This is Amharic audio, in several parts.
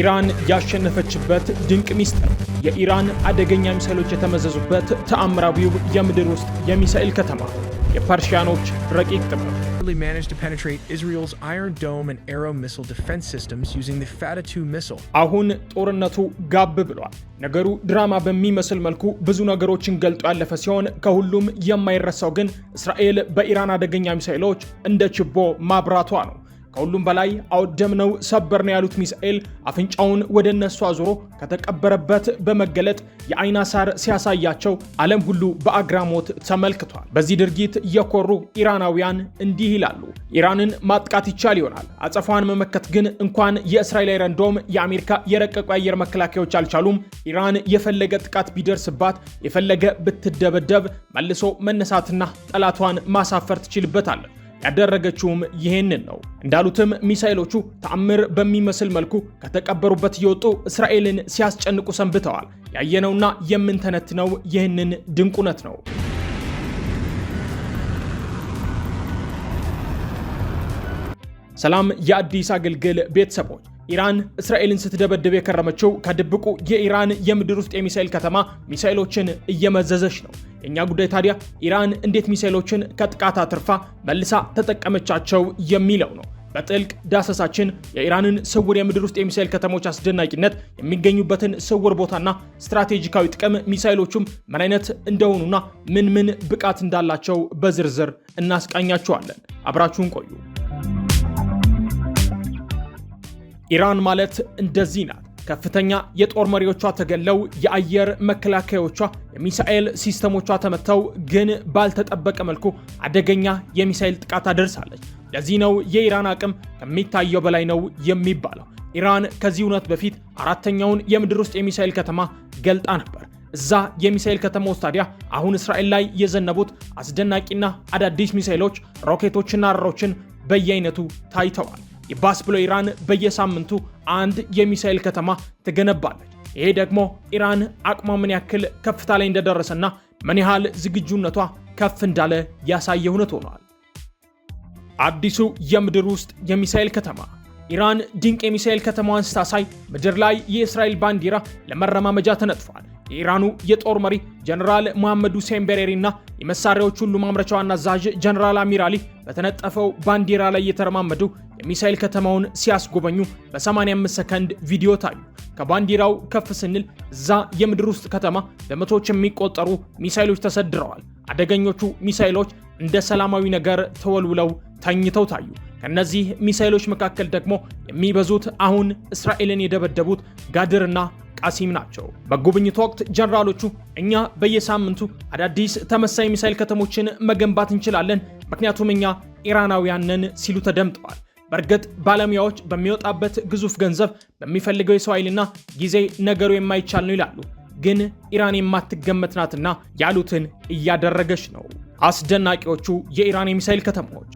ኢራን ያሸነፈችበት ድንቅ ሚስጥር የኢራን አደገኛ ሚሳኤሎች የተመዘዙበት ተአምራዊው የምድር ውስጥ የሚሳኤል ከተማ የፐርሺያኖች ረቂቅ ጥበብ አሁን ጦርነቱ ጋብ ብሏል። ነገሩ ድራማ በሚመስል መልኩ ብዙ ነገሮችን ገልጦ ያለፈ ሲሆን ከሁሉም የማይረሳው ግን እስራኤል በኢራን አደገኛ ሚሳኤሎች እንደ ችቦ ማብራቷ ነው። ከሁሉም በላይ አወደምነው፣ ሰበር ነው ያሉት ሚሳኤል አፍንጫውን ወደ እነሱ አዙሮ ከተቀበረበት በመገለጥ የአይን አሳር ሲያሳያቸው ዓለም ሁሉ በአግራሞት ተመልክቷል። በዚህ ድርጊት የኮሩ ኢራናውያን እንዲህ ይላሉ። ኢራንን ማጥቃት ይቻል ይሆናል፣ አጸፋዋን መመከት ግን እንኳን የእስራኤል አይረን የአሜሪካ የረቀቁ አየር መከላከያዎች አልቻሉም። ኢራን የፈለገ ጥቃት ቢደርስባት፣ የፈለገ ብትደበደብ መልሶ መነሳትና ጠላቷን ማሳፈር ትችልበታለች። ያደረገችውም ይሄንን ነው። እንዳሉትም ሚሳይሎቹ ተአምር በሚመስል መልኩ ከተቀበሩበት የወጡ እስራኤልን ሲያስጨንቁ ሰንብተዋል። ያየነውና የምንተነትነው ይህንን ድንቅ እውነት ነው። ሰላም የአዲስ አገልግል ቤተሰቦች። ኢራን እስራኤልን ስትደበድብ የከረመችው ከድብቁ የኢራን የምድር ውስጥ የሚሳኤል ከተማ ሚሳኤሎችን እየመዘዘች ነው። የእኛ ጉዳይ ታዲያ ኢራን እንዴት ሚሳይሎችን ከጥቃት አትርፋ መልሳ ተጠቀመቻቸው የሚለው ነው። በጥልቅ ዳሰሳችን የኢራንን ስውር የምድር ውስጥ የሚሳይል ከተሞች አስደናቂነት፣ የሚገኙበትን ስውር ቦታና ስትራቴጂካዊ ጥቅም፣ ሚሳይሎቹም ምን አይነት እንደሆኑና ምን ምን ብቃት እንዳላቸው በዝርዝር እናስቃኛቸዋለን። አብራችሁን ቆዩ። ኢራን ማለት እንደዚህ ናት። ከፍተኛ የጦር መሪዎቿ ተገለው የአየር መከላከያዎቿ የሚሳኤል ሲስተሞቿ ተመተው፣ ግን ባልተጠበቀ መልኩ አደገኛ የሚሳኤል ጥቃት አደርሳለች። ለዚህ ነው የኢራን አቅም ከሚታየው በላይ ነው የሚባለው። ኢራን ከዚህ እውነት በፊት አራተኛውን የምድር ውስጥ የሚሳኤል ከተማ ገልጣ ነበር። እዛ የሚሳኤል ከተማ ውስጥ ታዲያ አሁን እስራኤል ላይ የዘነቡት አስደናቂና አዳዲስ ሚሳኤሎች፣ ሮኬቶችና አረሮችን በየአይነቱ ታይተዋል። ይባስ ብሎ ኢራን በየሳምንቱ አንድ የሚሳኤል ከተማ ትገነባለች። ይሄ ደግሞ ኢራን አቅሟ ምን ያክል ከፍታ ላይ እንደደረሰና ምን ያህል ዝግጁነቷ ከፍ እንዳለ ያሳየ እውነት ሆኗል። አዲሱ የምድር ውስጥ የሚሳኤል ከተማ ኢራን ድንቅ የሚሳኤል ከተማዋን ስታሳይ ምድር ላይ የእስራኤል ባንዲራ ለመረማመጃ ተነጥፏል። የኢራኑ የጦር መሪ ጀነራል መሐመድ ሁሴን ቤሬሪ እና የመሳሪያዎች ሁሉ ማምረቻ ዋና አዛዥ ጀነራል አሚር አሊ በተነጠፈው ባንዲራ ላይ እየተረማመዱ የሚሳኤል ከተማውን ሲያስጎበኙ በ85 ሰከንድ ቪዲዮ ታዩ። ከባንዲራው ከፍ ስንል እዛ የምድር ውስጥ ከተማ በመቶዎች የሚቆጠሩ ሚሳይሎች ተሰድረዋል። አደገኞቹ ሚሳይሎች እንደ ሰላማዊ ነገር ተወልውለው ተኝተው ታዩ። ከእነዚህ ሚሳይሎች መካከል ደግሞ የሚበዙት አሁን እስራኤልን የደበደቡት ጋድርና ቃሲም ናቸው። በጉብኝቱ ወቅት ጀነራሎቹ እኛ በየሳምንቱ አዳዲስ ተመሳይ ሚሳይል ከተሞችን መገንባት እንችላለን፣ ምክንያቱም እኛ ኢራናውያንን ሲሉ ተደምጠዋል። በእርግጥ ባለሙያዎች በሚወጣበት ግዙፍ ገንዘብ በሚፈልገው የሰው ኃይልና ጊዜ ነገሩ የማይቻል ነው ይላሉ። ግን ኢራን የማትገመት ናትና ያሉትን እያደረገች ነው። አስደናቂዎቹ የኢራን የሚሳይል ከተሞች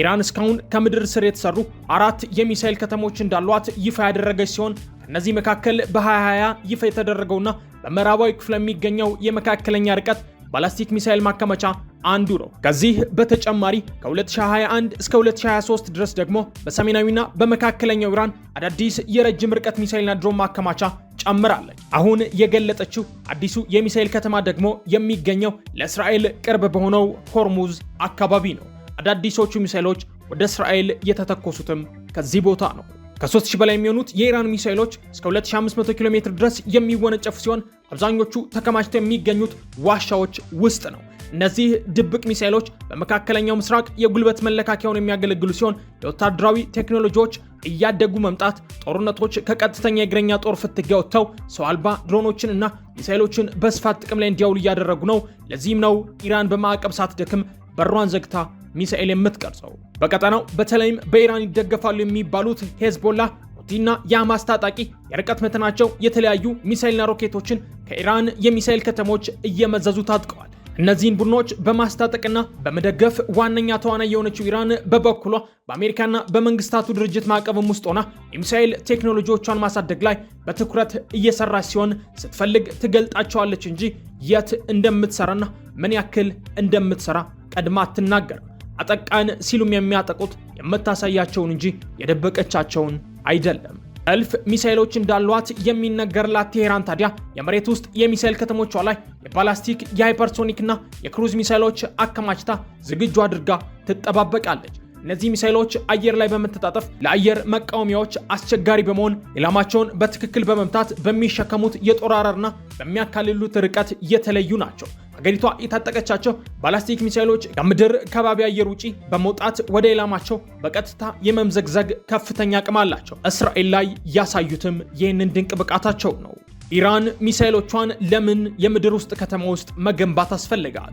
ኢራን እስካሁን ከምድር ስር የተሰሩ አራት የሚሳኤል ከተሞች እንዳሏት ይፋ ያደረገች ሲሆን ከእነዚህ መካከል በ2020 ይፋ የተደረገውና በምዕራባዊ ክፍል የሚገኘው የመካከለኛ ርቀት ባላስቲክ ሚሳኤል ማከማቻ አንዱ ነው። ከዚህ በተጨማሪ ከ2021 እስከ 2023 ድረስ ደግሞ በሰሜናዊና በመካከለኛው ኢራን አዳዲስ የረጅም ርቀት ሚሳኤልና ድሮን ማከማቻ ጨምራለች። አሁን የገለጠችው አዲሱ የሚሳኤል ከተማ ደግሞ የሚገኘው ለእስራኤል ቅርብ በሆነው ሆርሙዝ አካባቢ ነው። አዳዲሶቹ ሚሳይሎች ወደ እስራኤል የተተኮሱትም ከዚህ ቦታ ነው። ከ3000 በላይ የሚሆኑት የኢራን ሚሳይሎች እስከ 2500 ኪሎ ሜትር ድረስ የሚወነጨፉ ሲሆን አብዛኞቹ ተከማችተው የሚገኙት ዋሻዎች ውስጥ ነው። እነዚህ ድብቅ ሚሳይሎች በመካከለኛው ምስራቅ የጉልበት መለካከያውን የሚያገለግሉ ሲሆን የወታደራዊ ቴክኖሎጂዎች እያደጉ መምጣት ጦርነቶች ከቀጥተኛ የእግረኛ ጦር ፍትጊያ ወጥተው ሰው አልባ ድሮኖችን እና ሚሳይሎችን በስፋት ጥቅም ላይ እንዲያውሉ እያደረጉ ነው። ለዚህም ነው ኢራን በማዕቀብ ሳትደክም በሯን ዘግታ ሚሳኤል የምትቀርጸው። በቀጠናው በተለይም በኢራን ይደገፋሉ የሚባሉት ሄዝቦላ ሁቲና የሐማስ ታጣቂ የርቀት መተናቸው የተለያዩ ሚሳኤልና ሮኬቶችን ከኢራን የሚሳኤል ከተሞች እየመዘዙ ታጥቀዋል። እነዚህን ቡድኖች በማስታጠቅና በመደገፍ ዋነኛ ተዋናይ የሆነችው ኢራን በበኩሏ በአሜሪካና በመንግስታቱ ድርጅት ማዕቀብም ውስጥ ሆና የሚሳኤል ቴክኖሎጂዎቿን ማሳደግ ላይ በትኩረት እየሰራች ሲሆን ስትፈልግ ትገልጣቸዋለች እንጂ የት እንደምትሰራና ምን ያክል እንደምትሰራ ቀድማ አትናገርም። አጠቃን ሲሉም የሚያጠቁት የምታሳያቸውን እንጂ የደበቀቻቸውን አይደለም። እልፍ ሚሳይሎች እንዳሏት የሚነገርላት ቴሄራን ታዲያ የመሬት ውስጥ የሚሳይል ከተሞቿ ላይ የባላስቲክ የሃይፐርሶኒክና የክሩዝ ሚሳይሎች አከማችታ ዝግጁ አድርጋ ትጠባበቃለች። እነዚህ ሚሳይሎች አየር ላይ በመተጣጠፍ ለአየር መቃወሚያዎች አስቸጋሪ በመሆን ኢላማቸውን በትክክል በመምታት በሚሸከሙት የጦር አረርና በሚያካልሉት ርቀት የተለዩ ናቸው። ሀገሪቷ የታጠቀቻቸው ባላስቲክ ሚሳይሎች ከምድር ከባቢ አየር ውጪ በመውጣት ወደ ኢላማቸው በቀጥታ የመምዘግዘግ ከፍተኛ አቅም አላቸው። እስራኤል ላይ ያሳዩትም ይህንን ድንቅ ብቃታቸው ነው። ኢራን ሚሳይሎቿን ለምን የምድር ውስጥ ከተማ ውስጥ መገንባት አስፈልጋል?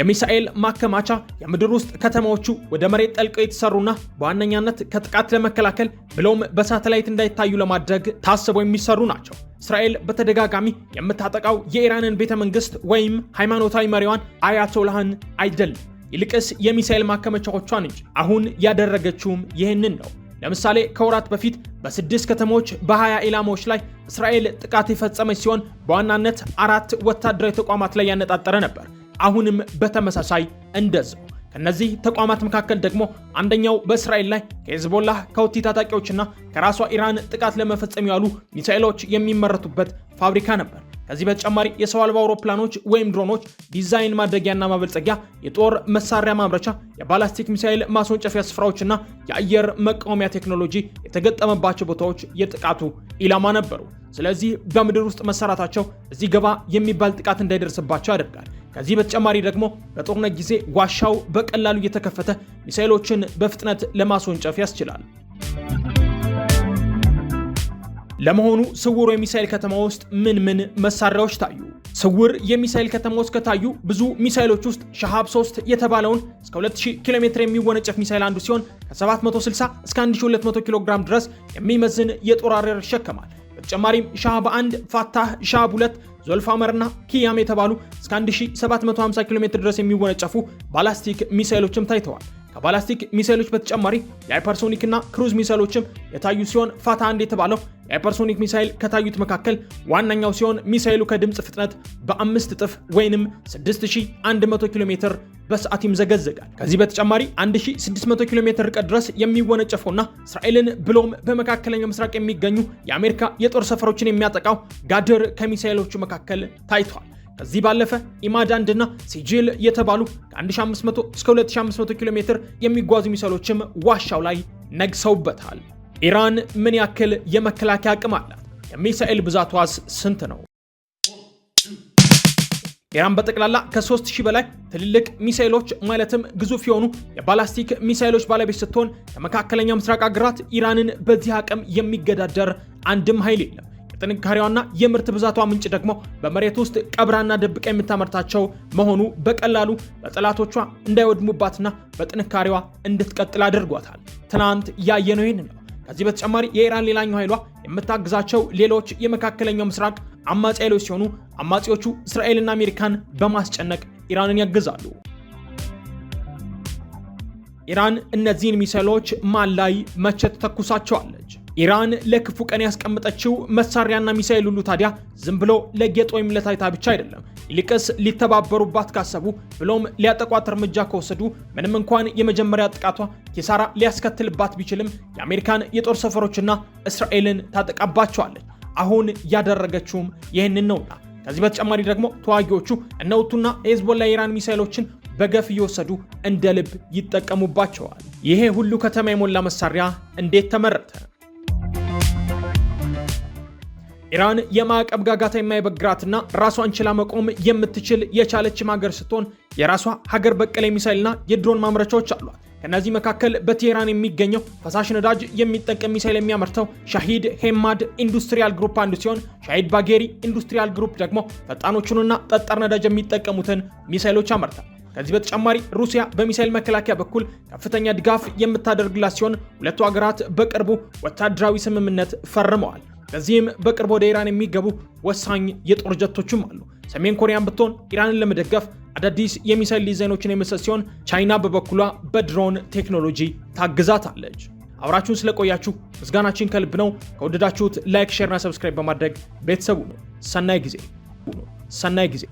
የሚሳኤል ማከማቻ የምድር ውስጥ ከተማዎቹ ወደ መሬት ጠልቀው የተሰሩና በዋነኛነት ከጥቃት ለመከላከል ብለውም በሳተላይት እንዳይታዩ ለማድረግ ታስበው የሚሰሩ ናቸው። እስራኤል በተደጋጋሚ የምታጠቃው የኢራንን ቤተ መንግስት ወይም ሃይማኖታዊ መሪዋን አያቶላህን አይደለም፣ ይልቅስ የሚሳኤል ማከመቻዎቿን እንጂ። አሁን ያደረገችውም ይህንን ነው። ለምሳሌ ከወራት በፊት በስድስት ከተሞች በ20 ኢላማዎች ላይ እስራኤል ጥቃት የፈጸመች ሲሆን በዋናነት አራት ወታደራዊ ተቋማት ላይ ያነጣጠረ ነበር። አሁንም በተመሳሳይ እንደዛው። ከነዚህ ተቋማት መካከል ደግሞ አንደኛው በእስራኤል ላይ ከሄዝቦላህ ከውቲ ታጣቂዎችና ከራሷ ኢራን ጥቃት ለመፈጸም ያሉ ሚሳኤሎች የሚመረቱበት ፋብሪካ ነበር። ከዚህ በተጨማሪ የሰው አልባ አውሮፕላኖች ወይም ድሮኖች ዲዛይን ማድረጊያና ማበልጸጊያ፣ የጦር መሳሪያ ማምረቻ፣ የባላስቲክ ሚሳኤል ማስወንጨፊያ ስፍራዎችና የአየር መቃወሚያ ቴክኖሎጂ የተገጠመባቸው ቦታዎች የጥቃቱ ኢላማ ነበሩ። ስለዚህ በምድር ውስጥ መሰራታቸው እዚህ ገባ የሚባል ጥቃት እንዳይደርስባቸው ያደርጋል። ከዚህ በተጨማሪ ደግሞ በጦርነት ጊዜ ዋሻው በቀላሉ እየተከፈተ ሚሳይሎችን በፍጥነት ለማስወንጨፍ ያስችላል። ለመሆኑ ስውር የሚሳይል ከተማ ውስጥ ምን ምን መሳሪያዎች ታዩ? ስውር የሚሳይል ከተማ ውስጥ ከታዩ ብዙ ሚሳይሎች ውስጥ ሻሃብ 3 የተባለውን እስከ 2000 ኪሎ ሜትር የሚወነጨፍ ሚሳይል አንዱ ሲሆን ከ760 እስከ 1200 ኪሎ ግራም ድረስ የሚመዝን የጦር አረር ይሸከማል። በተጨማሪም ሻሃብ 1 ፋታህ፣ ሻሃብ 2 ዞልፋመርና ኪያም የተባሉ እስከ 1750 ኪሎ ሜትር ድረስ የሚወነጨፉ ባላስቲክ ሚሳይሎችም ታይተዋል። ከባላስቲክ ሚሳይሎች በተጨማሪ የሃይፐርሶኒክ እና ክሩዝ ሚሳይሎችም የታዩ ሲሆን ፋታ አንድ የተባለው የሃይፐርሶኒክ ሚሳይል ከታዩት መካከል ዋነኛው ሲሆን ሚሳይሉ ከድምፅ ፍጥነት በአምስት እጥፍ ወይንም 6100 ኪሎ ሜትር በሰዓት ይምዘገዘጋል። ከዚህ በተጨማሪ 1600 ኪሎ ሜትር ርቀት ድረስ የሚወነጨፈውና እስራኤልን ብሎም በመካከለኛው ምስራቅ የሚገኙ የአሜሪካ የጦር ሰፈሮችን የሚያጠቃው ጋድር ከሚሳኤሎቹ መካከል ታይቷል። ከዚህ ባለፈ ኢማድ አንድና ሲጂል የተባሉ ከ1500 እስከ 2500 ኪሎ ሜትር የሚጓዙ ሚሳኤሎችም ዋሻው ላይ ነግሰውበታል። ኢራን ምን ያክል የመከላከያ አቅም አላት? የሚሳኤል ብዛቷስ ስንት ነው? ኢራን በጠቅላላ ከ3000 በላይ ትልልቅ ሚሳይሎች ማለትም ግዙፍ የሆኑ የባላስቲክ ሚሳይሎች ባለቤት ስትሆን ከመካከለኛው ምስራቅ አገራት ኢራንን በዚህ አቅም የሚገዳደር አንድም ኃይል የለም። የጥንካሬዋና የምርት ብዛቷ ምንጭ ደግሞ በመሬት ውስጥ ቀብራና ደብቃ የምታመርታቸው መሆኑ በቀላሉ በጠላቶቿ እንዳይወድሙባትና በጥንካሬዋ እንድትቀጥል አድርጓታል። ትናንት ያየነው ይህን ነው። ከዚህ በተጨማሪ የኢራን ሌላኛው ኃይሏ የምታግዛቸው ሌሎች የመካከለኛው ምስራቅ አማጺ ኃይሎች ሲሆኑ አማጺዎቹ እስራኤልና አሜሪካን በማስጨነቅ ኢራንን ያግዛሉ። ኢራን እነዚህን ሚሳይሎች ማን ላይ መቼ ትተኩሳቸዋለች? ኢራን ለክፉ ቀን ያስቀመጠችው መሳሪያና ሚሳይል ሁሉ ታዲያ ዝም ብሎ ለጌጥ ወይም ለታይታ ብቻ አይደለም። ይልቅስ ሊተባበሩባት ካሰቡ ብሎም ሊያጠቋት እርምጃ ከወሰዱ ምንም እንኳን የመጀመሪያ ጥቃቷ ኪሳራ ሊያስከትልባት ቢችልም የአሜሪካን የጦር ሰፈሮችና እስራኤልን ታጠቃባቸዋለች። አሁን ያደረገችውም ይህንን ነውና ከዚህ በተጨማሪ ደግሞ ተዋጊዎቹ እነ ሁቲና ሄዝቦላ የኢራን ሚሳይሎችን በገፍ እየወሰዱ እንደ ልብ ይጠቀሙባቸዋል። ይሄ ሁሉ ከተማ የሞላ መሳሪያ እንዴት ተመረተ? ኢራን የማዕቀብ ጋጋታ የማይበግራትና ራሷን ችላ መቆም የምትችል የቻለችም ሀገር ስትሆን የራሷ ሀገር በቀል ሚሳይልና የድሮን ማምረቻዎች አሏት። ከእነዚህ መካከል በቴህራን የሚገኘው ፈሳሽ ነዳጅ የሚጠቀም ሚሳይል የሚያመርተው ሻሂድ ሄማድ ኢንዱስትሪያል ግሩፕ አንዱ ሲሆን ሻሂድ ባጌሪ ኢንዱስትሪያል ግሩፕ ደግሞ ፈጣኖቹንና ጠጣር ነዳጅ የሚጠቀሙትን ሚሳይሎች አመርታል። ከዚህ በተጨማሪ ሩሲያ በሚሳይል መከላከያ በኩል ከፍተኛ ድጋፍ የምታደርግላት ሲሆን ሁለቱ ሀገራት በቅርቡ ወታደራዊ ስምምነት ፈርመዋል። በዚህም በቅርቡ ወደ ኢራን የሚገቡ ወሳኝ የጦር ጀቶችም አሉ። ሰሜን ኮሪያን ብትሆን ኢራንን ለመደገፍ አዳዲስ የሚሳይል ዲዛይኖችን የምሰጥ ሲሆን ቻይና በበኩሏ በድሮን ቴክኖሎጂ ታግዛታለች። አብራችሁን ስለቆያችሁ ምስጋናችን ከልብ ነው። ከወደዳችሁት ላይክ፣ ሼርና ሰብስክራይብ በማድረግ ቤተሰቡ ነው። ሰናይ ጊዜ ሰናይ ጊዜ